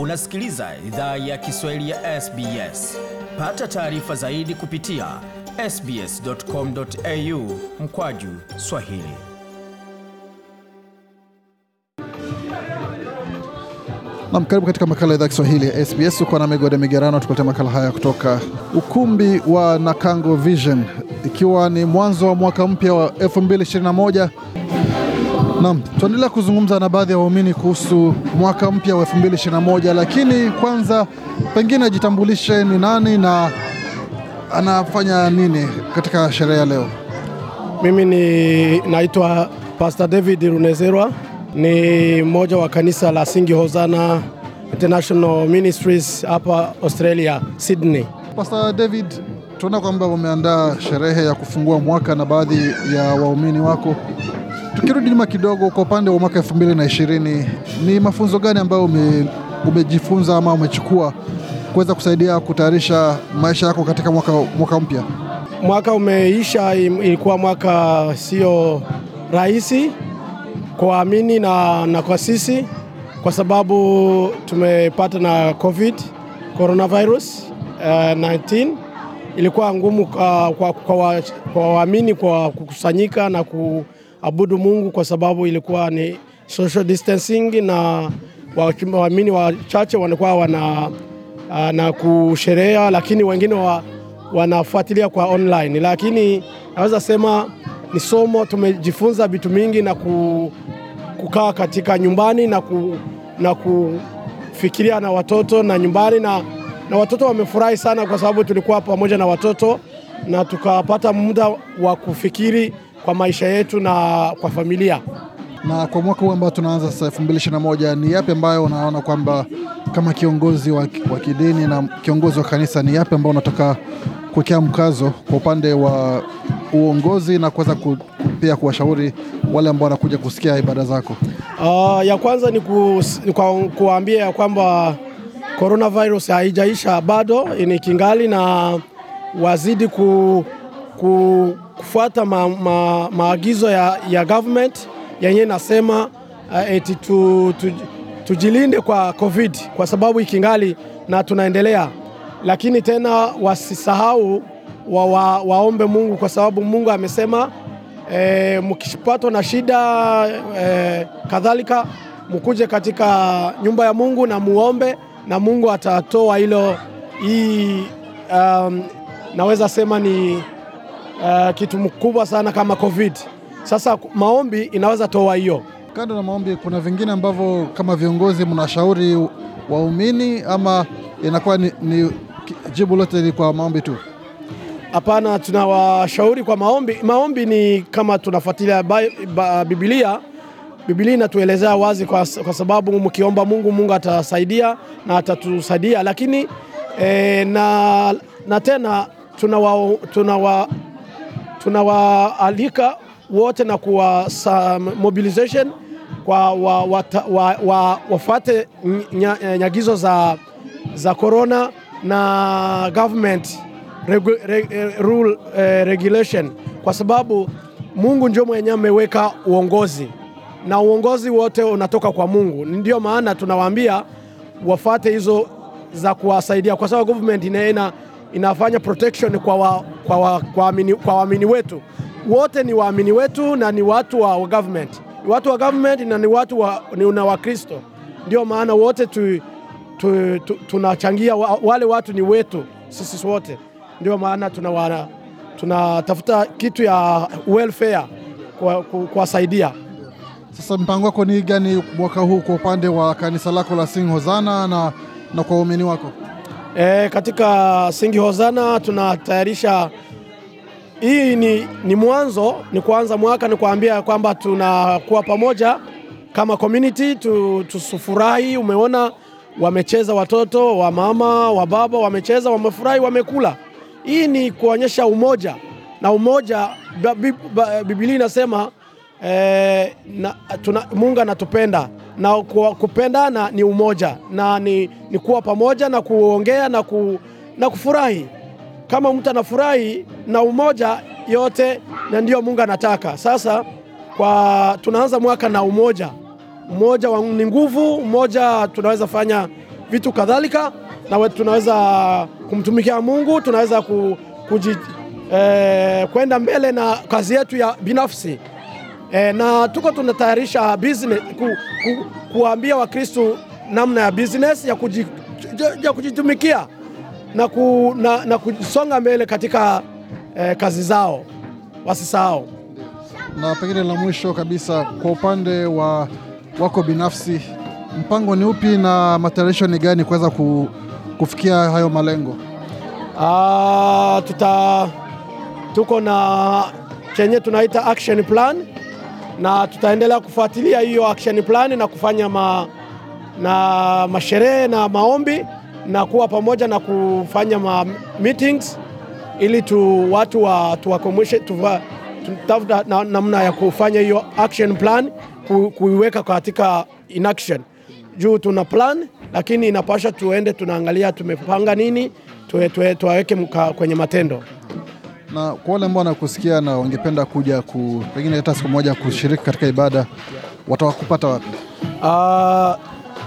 Unasikiliza idhaa ya Kiswahili ya SBS. Pata taarifa zaidi kupitia sbs.com.au mkwaju Swahili. Nam, karibu katika makala ya idhaa Kiswahili ya SBS. ukuwa na Migode Migerano tukuletea makala haya kutoka ukumbi wa Nakango Vision, ikiwa ni mwanzo wa mwaka mpya wa 221 Naam, tuendelea kuzungumza na baadhi ya waumini kuhusu mwaka mpya wa 2021 lakini kwanza pengine ajitambulishe ni nani na anafanya nini katika sherehe ya leo. Mimi ni naitwa Pastor David Runezerwa, ni mmoja wa kanisa la Singi Hosana International Ministries hapa Australia, Sydney. Pastor David, tunaona kwamba wameandaa sherehe ya kufungua mwaka na baadhi ya waumini wako Tukirudi nyuma kidogo, kwa upande wa mwaka elfu mbili na ishirini, ni mafunzo gani ambayo ume, umejifunza ama umechukua kuweza kusaidia kutayarisha maisha yako katika mwaka, mwaka mpya? Mwaka umeisha, ilikuwa mwaka sio rahisi kwa waamini na, na kwa sisi kwa sababu tumepata na COVID coronavirus uh, eh, 19 ilikuwa ngumu uh, kwa waamini kwa, kwa, kwa kukusanyika na ku abudu Mungu kwa sababu ilikuwa ni social distancing na waamini wachache walikuwa wana ah, na kusherea, lakini wengine wa, wanafuatilia kwa online. Lakini naweza sema ni somo, tumejifunza vitu mingi na ku, kukaa katika nyumbani na, ku, na kufikiria na watoto na nyumbani na, na watoto wamefurahi sana kwa sababu tulikuwa pamoja na watoto na tukapata muda wa kufikiri kwa maisha yetu na kwa familia. Na kwa mwaka huu ambao tunaanza sasa moja, ni yapi ambayo unaona kwamba kama kiongozi wa, wa kidini na kiongozi wa kanisa, ni yapi ambayo unataka kuwekea mkazo kwa upande wa uongozi na kuweza pia kuwashauri wale ambao wanakuja kusikia ibada zako? Uh, ya kwanza ni kuwaambia ya kwamba coronavirus haijaisha bado, ni kingali na wazidi ku kufuata ma, ma, maagizo ya, ya government yenye nasema uh, eh, eti tu, tu, tujilinde kwa COVID kwa sababu ikingali na tunaendelea, lakini tena wasisahau wa, wa, waombe Mungu kwa sababu Mungu amesema e, mkishipatwa na shida e, kadhalika mkuje katika nyumba ya Mungu na muombe na Mungu atatoa hilo. Hii um, naweza sema ni uh, kitu mkubwa sana kama COVID. Sasa maombi inaweza toa hiyo. Kando na maombi, kuna vingine ambavyo kama viongozi mnashauri waumini ama inakuwa ni, ni jibu lote ni kwa maombi tu? Hapana, tunawashauri kwa maombi. Maombi ni kama tunafuatilia Biblia. Biblia inatuelezea wazi kwa, kwa sababu mkiomba Mungu, Mungu atasaidia na atatusaidia, lakini e, na, na tena tunawa, tunawaalika wote na kuwa mobilization kwa wa, wa, wa, wa, wafate eh, nyagizo za, za corona na government regu, re, eh, rule eh, regulation, kwa sababu Mungu ndio mwenye ameweka uongozi na uongozi wote unatoka kwa Mungu. Ndio maana tunawaambia wafate hizo za kuwasaidia, kwa sababu government inaena inafanya protection kwa waamini kwa wa, kwa amini, kwa waamini wetu wote ni waamini wetu na ni watu wa, government watu wa government na ni watu wa, ni una Wakristo, ndio maana wote tu, tu, tu, tunachangia wa, wale watu ni wetu sisi wote, ndio maana tunawana tunatafuta kitu ya welfare kuwasaidia kwa, kwa sasa. Mpango wako ni gani mwaka huu kwa upande wa kanisa lako la Sing Hosana na, na kwa waumini wako? E, katika Singi Hozana tunatayarisha hii ni, ni mwanzo ni kuanza mwaka ni kuambia kwamba tunakuwa pamoja kama community tu, tusufurahi. Umeona wamecheza watoto wa mama wa baba, wamecheza wamefurahi, wamekula. Hii ni kuonyesha umoja na umoja. Biblia inasema e, na, tuna, Mungu anatupenda na kupendana ni umoja na ni, ni kuwa pamoja na kuongea na, ku, na kufurahi. Kama mtu anafurahi na umoja yote, na ndio Mungu anataka. Sasa kwa tunaanza mwaka na umoja. Umoja ni nguvu, umoja tunaweza fanya vitu kadhalika, na tunaweza kumtumikia Mungu, tunaweza ku, kuji, eh, kwenda mbele na kazi yetu ya binafsi e, na tuko tunatayarisha business ku, ku, kuambia Wakristo namna ya business ya, kuji, ya kujitumikia na, ku, na, na kusonga mbele katika eh, kazi zao wasisahau. Na pengine la mwisho kabisa, kwa upande wa wako binafsi, mpango ni upi na matayarisho ni gani kuweza ku, kufikia hayo malengo? Aa, ah, tuta, tuko na chenye tunaita action plan na tutaendelea kufuatilia hiyo action plan na kufanya ma, na masherehe na maombi na kuwa pamoja na kufanya ma meetings ili tu watu wa, tuwakomeshe tuva, tutafuta na, namna ya kufanya hiyo action plan ku, kuiweka katika in action juu tuna plan lakini inapasha tuende tunaangalia tumepanga nini tuwaweke tue, tue, kwenye matendo. Na kwa wale ambao wanakusikia na wangependa kuja ku, pengine hata siku moja kushiriki katika ibada watawakupata wapi? Uh,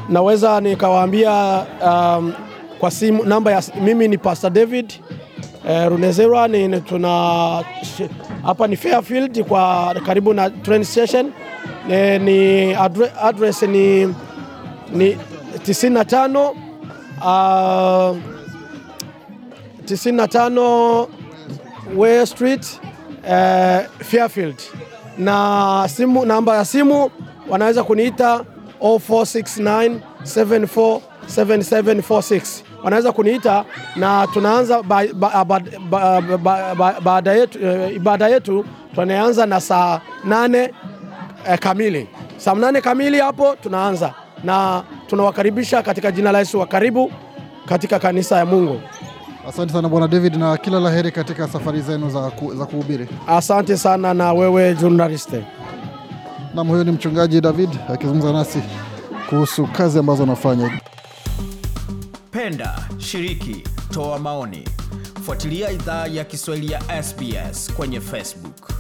naweza nikawaambia um, kwa simu namba ya mimi ni Pastor David eh, Runezerwa ni tuna hapa ni Fairfield kwa karibu na train station eh, ni adre, address ni, ni 95 uh, 95 Way Street eh, Fairfield, na simu namba ya simu wanaweza kuniita 0469747746 wanaweza kuniita na tunaanza baada yetu, eh, ibada yetu tunaanza na saa nane eh, kamili. Saa nane kamili hapo tunaanza, na tunawakaribisha katika jina la Yesu, wa karibu katika kanisa ya Mungu. Asante sana Bwana David na kila la heri katika safari zenu za, ku, za kuhubiri. Asante sana na wewe journaliste. Nam, huyo ni mchungaji David akizungumza nasi kuhusu kazi ambazo anafanya. Penda, shiriki, toa maoni. Fuatilia idhaa ya Kiswahili ya SBS kwenye Facebook.